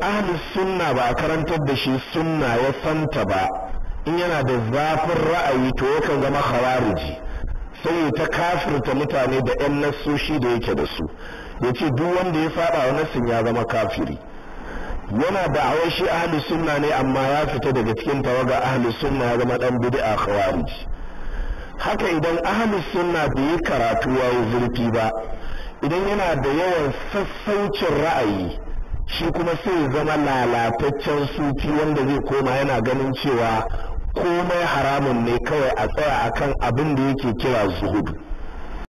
ahlus sunna ba a karantar da shi sunna ya santa ba in yana da zafin ra'ayi to yakan zama khawariji sai ta kafirta mutane da yan nassoshi da yake da su ya ce duk wanda ya saba wa nasin ya zama kafiri yana da awai shi ahlus sunna ne amma ya fita daga cikin tawaga ahlus sunna ya zama dan bid'a khawariji haka idan ahlus sunna bai yi karatu yayi zurfi ba idan yana da yawan sassaucin ra'ayi shi kuma sai ya zama lalataccen sufi wanda zai koma yana ganin cewa komai haramun ne kawai a tsaya akan abin da yake kira zuhudu